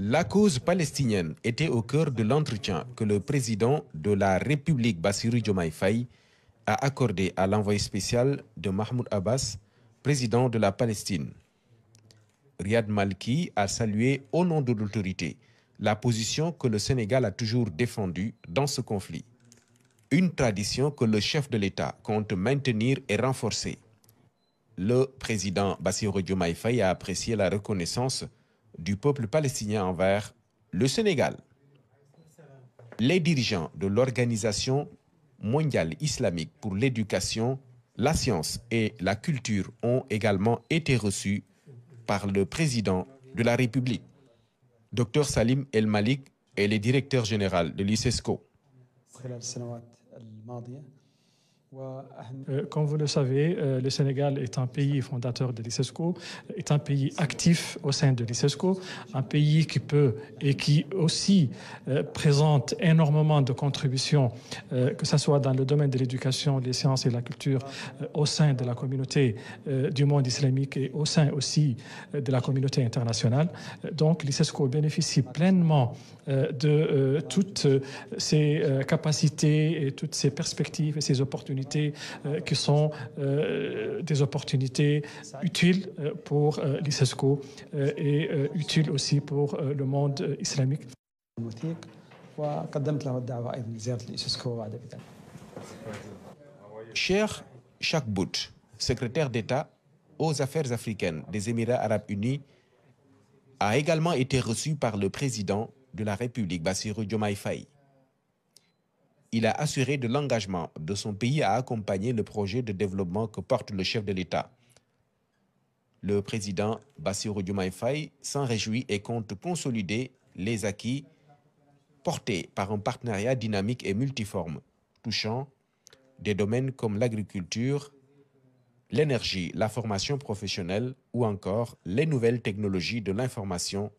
La cause palestinienne était au cœur de l'entretien que le président de la République, Bassirou Diomaye Faye, a accordé à l'envoyé spécial de Mahmoud Abbas, président de la Palestine. Riyad Malki a salué au nom de l'autorité la position que le Sénégal a toujours défendue dans ce conflit. Une tradition que le chef de l'État compte maintenir et renforcer. Le président Bassirou Diomaye Faye a apprécié la reconnaissance du peuple palestinien envers le Sénégal. Les dirigeants de l'Organisation mondiale islamique pour l'éducation, la science et la culture ont également été reçus par le président de la République, Dr Salim El Malik, et le directeur général de l'ICESCO. Euh, comme vous le savez, euh, le Sénégal est un pays fondateur de l'ICESCO, e est un pays actif au sein de l'ICESCO, e un pays qui peut et qui aussi euh, présente énormément de contributions, que ce soit dans le domaine de l'éducation, des sciences et la culture, au de la communauté du monde islamique et au sein aussi de la communauté internationale. Donc l'ICESCO e bénéficie pleinement de toutes ses capacités et toutes ses perspectives et ses opportunités opportunités euh, qui sont euh, des opportunités utiles euh, pour euh, les SESCO euh, et utiles aussi pour le monde islamique. Cher Chakbout, secrétaire d'État aux Affaires africaines des Émirats arabes unis, a également été reçu par le président de la République, Bassirou Diomaye Faye. il a assuré de l'engagement de son pays à accompagner le projet de développement que porte le chef de l'État. Le président Bassirou Diomaye Faye s'en réjouit et compte consolider les acquis portés par un partenariat dynamique et multiforme, touchant des domaines comme l'agriculture, l'énergie, la formation professionnelle ou encore les nouvelles technologies de l'information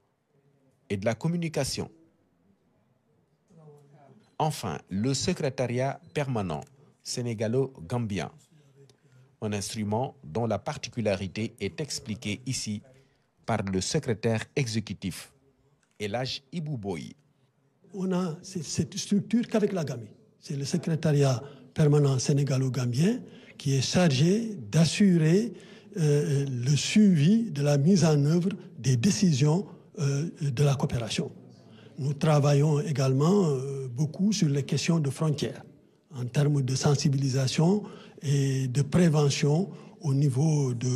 et de la communication. Enfin, le secrétariat permanent sénégalo-gambien, un instrument dont la particularité est expliquée ici par le secrétaire exécutif, Elage Ibouboy. On a cette structure qu'avec la Gambie. C'est le secrétariat permanent sénégalo-gambien qui est chargé d'assurer euh, le suivi de la mise en œuvre des décisions euh, de la coopération. Nous travaillons également euh, beaucoup sur les questions de frontières, en termes de sensibilisation et de prévention au niveau de,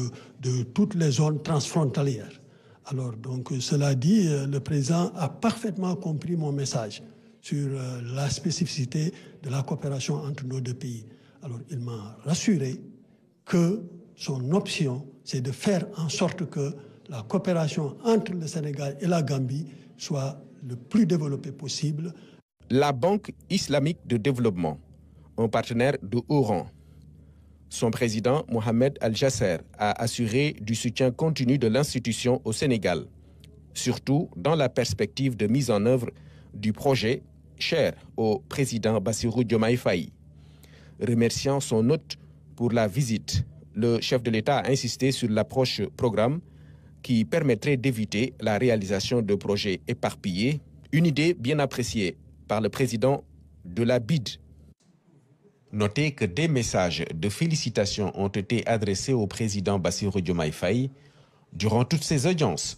de toutes les zones transfrontalières. Alors, donc, euh, cela dit, euh, le président a parfaitement compris mon message sur la spécificité de la coopération entre nos deux pays. Alors, il m'a rassuré que son option, c'est de faire en sorte que la coopération entre le Sénégal et la Gambie soit le plus développé possible. La Banque islamique de développement, un partenaire de haut rang. Son président, Mohamed Al-Jasser, a assuré du soutien continu de l'institution au Sénégal, surtout dans la perspective de mise en œuvre du projet cher au président Bassirou Diomaye Faye. Remerciant son hôte pour la visite, le chef de l'État a insisté sur l'approche programme qui permettrait d'éviter la réalisation de projets éparpillés, une idée bien appréciée par le président de la BID. Notez que des messages de félicitations ont été adressés au président Bassirou Diomaye Faye durant toutes ces audiences.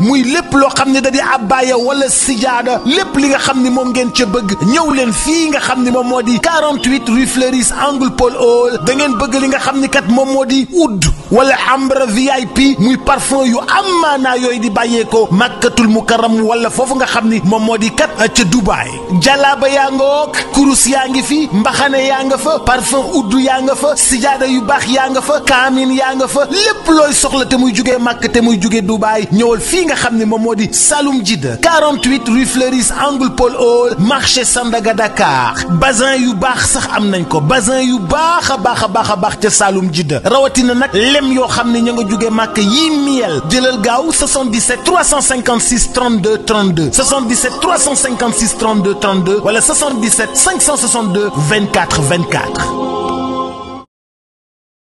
muy lépp loo xam ne da di abbaaya wala sijaada lépp li nga xam ni moom ngeen ca bëgg ñëw leen fii nga xam ni moom moo di 48 rue Fleuris angle Paul Hall dangeen bëgg li nga xam ni kat moom moo di oud wala ambre VIP muy parfum yu am maanaa yooyu di bàyyeekoo màkkatul mukaram wala foofu nga xam ni moom moo di kat ca Dubaay jalaaba yaa nga wook kurus yaa ngi fi mbaxane yaa nga fa parfum uddu yaa nga fa sijaada yu baax yaa nga fa kaamin yaa nga fa lépp looy soxla te muy jugee màkk te muy jugee Dubaay ñëwal fii nga xam ne moom moo di Saloum Jide 48 rue Fleuris angle Paul Hall marché Sandaga Dakar bazin yu baax sax am nañ ko bazin yu baax a baax a baax a baax ca Saloum Jide thèmes yoo xam ne ña nga jóge màkk yii miel jëlal gaaw 77 356 32 32 77 356 32 32 wala 77 562 24 24